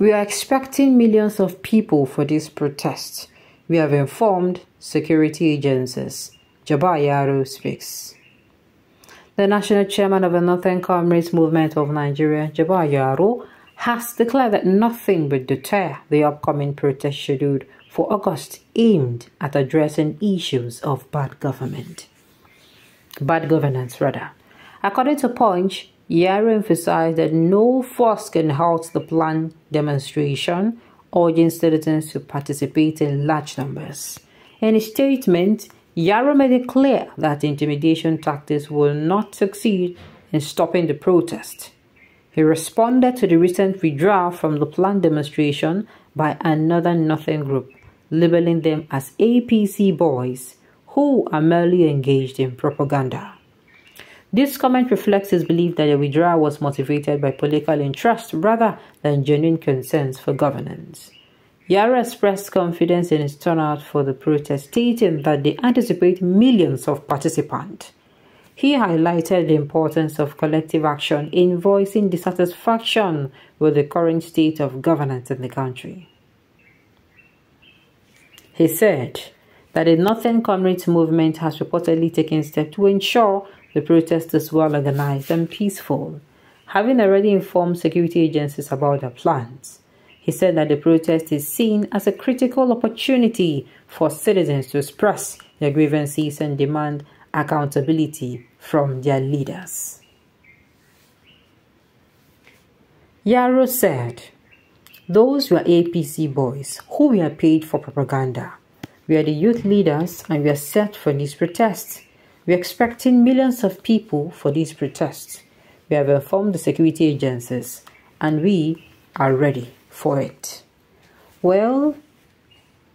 We are expecting millions of people for this protest. We have informed security agencies. Jabayaro speaks. The national chairman of the Northern Comrades Movement of Nigeria, Jabayaro, has declared that nothing would deter the upcoming protest scheduled for August aimed at addressing issues of bad government. Bad governance, rather. According to Punch, Yara emphasized that no force can halt the planned demonstration, urging citizens to participate in large numbers. In a statement, Yara made it clear that intimidation tactics will not succeed in stopping the protest. He responded to the recent withdrawal from the planned demonstration by another Nothing group, labeling them as APC boys who are merely engaged in propaganda. This comment reflects his belief that the withdrawal was motivated by political interest rather than genuine concerns for governance. Yara expressed confidence in his turnout for the protest, stating that they anticipate millions of participants. He highlighted the importance of collective action in voicing dissatisfaction with the current state of governance in the country. He said that the Northern Comrades movement has reportedly taken steps to ensure the protesters were organized and peaceful, having already informed security agencies about their plans. He said that the protest is seen as a critical opportunity for citizens to express their grievances and demand accountability from their leaders. Yarrow said, Those were APC boys who were paid for propaganda. We are the youth leaders and we are set for these protests. We're expecting millions of people for these protests. We have informed the security agencies and we are ready for it. Well,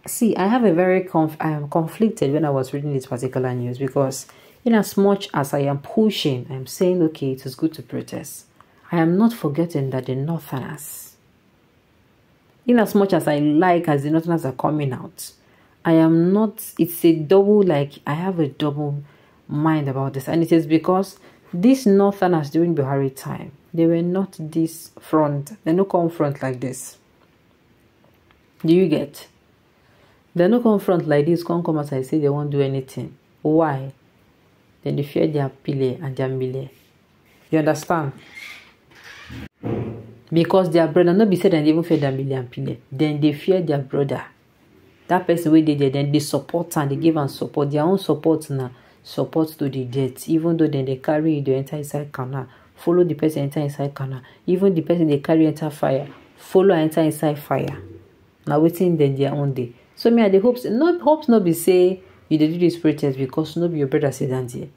see, I have a very conf- I am conflicted when I was reading this particular news because, in as much as I am pushing, I am saying, okay, it is good to protest. I am not forgetting that the Northerners, in as much as I like as the Northerners are coming out, I am not. It's a double like I have a double mind about this. And it is because these northerners during Buhari time, they were not this front. They no come front like this. Do you get? They no come front like this, come come as I say they won't do anything. Why? Then they fear their pile and their mile. You understand? Because their brother, not be said and they even fear their mile and pile. Then they fear their brother. That person with they then they support and they give and support their own support now support to the death even though then they carry you entire enter inside canal follow the person enter inside canal even the person they carry enter fire follow enter inside fire Now waiting then their own day. so me i the hopes no hope no be say you did do this protest because no be your brother said down there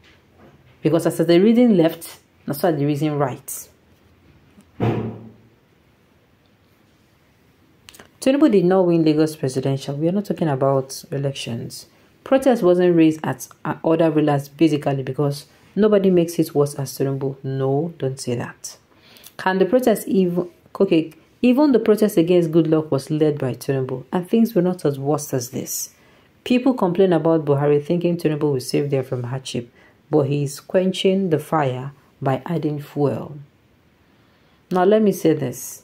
because as i the reason left I so the reason right. Tinubu did not win Lagos presidential. We are not talking about elections. Protest wasn't raised at other rulers basically because nobody makes it worse as Turnbull, No, don't say that. Can the protest even okay? Even the protest against good luck was led by Turnbull, and things were not as worse as this. People complain about Buhari thinking Turnbull will save them from hardship, but he is quenching the fire by adding fuel. Now let me say this.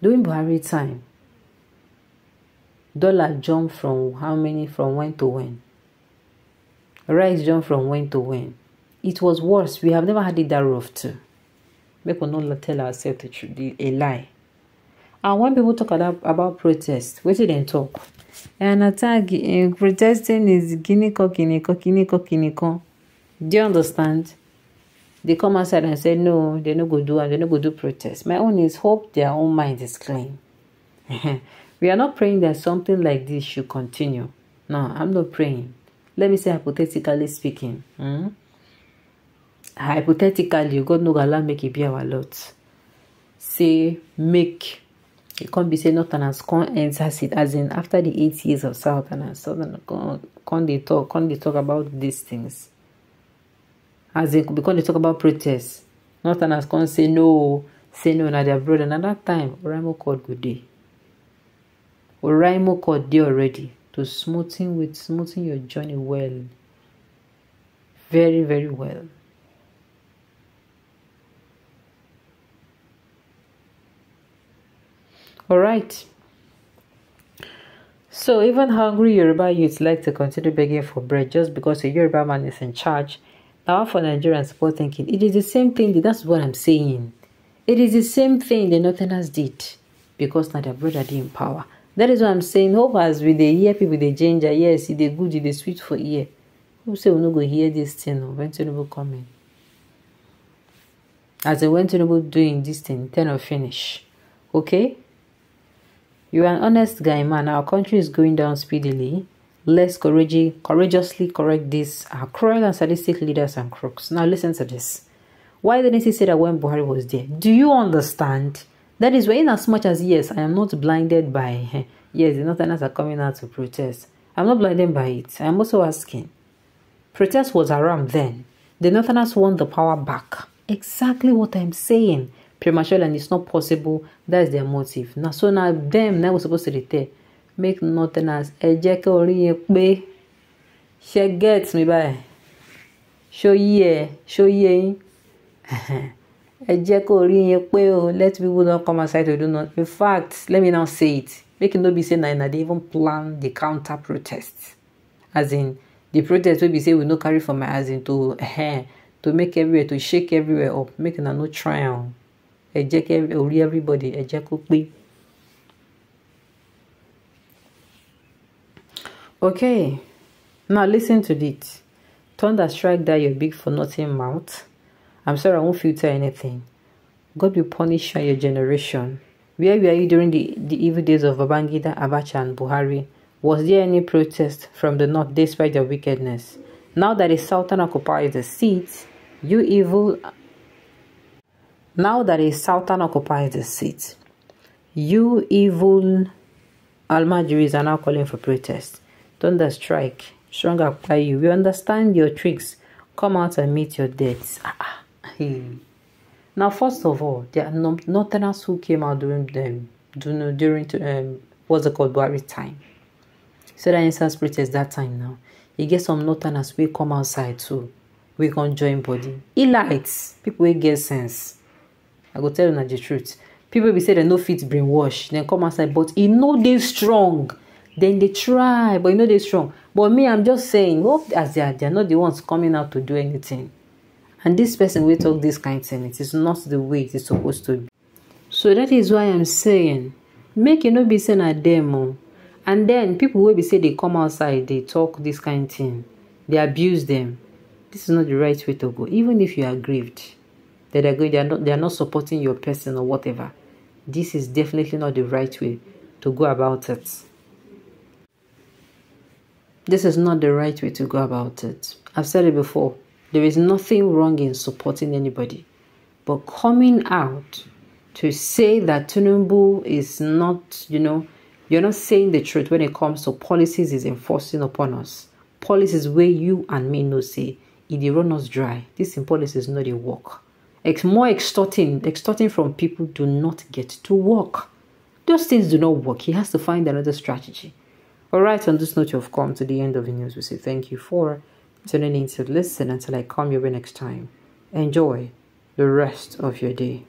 During Buhari time, Dollar jump from how many from when to when? Rice jump from when to when? It was worse. We have never had it that rough too. Make we not tell ourselves it should a lie. And when people talk about, about protest, what did talk? And attack uh, eh, protesting is guinea cock, guinea cock, Do you understand? They come outside and say no, they no go do and they no go do protest. My own is hope their own mind is clean. We are not praying that something like this should continue. No, I'm not praying. Let me say hypothetically speaking. Hmm? Hypothetically, God no gala make it be our lot. Say, make. It can't be say northerners can't enter it as in after the eight years of and southern can't they talk, can't they talk about these things. As in, because they talk about protests. Northerners can't say no, say no, na their brother. Now that time, Oraimo called good day. Oraimo cord there already to smoothing with smoothing your journey well. Very, very well. Alright. So even hungry Yoruba youths like to continue begging for bread just because a Yoruba man is in charge. Now for Nigerians people thinking it is the same thing, that's what I'm saying. It is the same thing the Northerners did because now their brother did in power that is what i'm saying hope as we the hear people dey ginger yes see they good e sweet for ear who say we no go hear this thing o when tinubu come in as in when tinubu doing this thing ten or finish okay you are an honest guy man our country is going down speedily let's courageously correct these Our cruel and sadistic leaders and crooks now listen to this why didn't he say that when buhari was there do you understand That is why, in as much as yes, I am not blinded by eh, yes, the northerners are coming out to protest. I'm not blinded by it. I'm also asking. Protest was around then. The northerners want the power back. Exactly what I'm saying. Premature and it's not possible. That's their motive. Now, so now them now we're supposed to return. Make northerners ejeke oriye pe. She gets me by. Show ye, show ye ẹ jẹ́ kó rí yẹn pé o let people don come outside to do not in fact let me now say it make e no be say na una dey even plan the counter protest as in the protest wey be say we no carry for my as in to eh, to make everywhere to shake everywhere up make una no try am ẹ jẹ́ kí orí everybody ẹ jẹ́ kó pé. okay now listen to this thunder strike that your big for nothing mouth. I'm sorry, I won't filter anything. God will punish your generation. Where were you during the, the evil days of Babangida, Abacha, and Buhari? Was there any protest from the north despite their wickedness? Now that the Sultan occupies the seat, you evil. Now that the Sultan occupies the seat, you evil Almajiris are now calling for protest. Thunder strike, strong apply you. We understand your tricks. Come out and meet your deaths. Ah, ah. him. Now, first of all, there are no northerners who came out during the during, during um, what's it called worry time. So that instance protest that time now. You get some northerners we come outside too. We can join body. He Elites, people will get sense. I go tell you the truth. People be say they no fit brainwash, then come outside, but he know they strong. Then they try, but you know they strong. But me, I'm just saying, hope as they are, they are not the ones coming out to do anything. and this person will talk this kind of thing it is not the way it is supposed to be so that is why i'm saying make you no be saying a dem oh. and then people will be say they come outside they talk this kind of thing they abuse them this is not the right way to go even if you are grieved that they are going they are not they are not supporting your person or whatever this is definitely not the right way to go about it this is not the right way to go about it i've said it before there is nothing wrong in supporting anybody. But coming out to say that Tinubu is not, you know, you're not saying the truth when it comes to policies is enforcing upon us. Policies where you and me know say, it they run us dry. This in policies not a work. It's more extorting, extorting from people do not get to work. Those things do not work. He has to find another strategy. All right, on this note, you have come to the end of the news. We say thank you for so you need to listen until I come your way next time. Enjoy the rest of your day.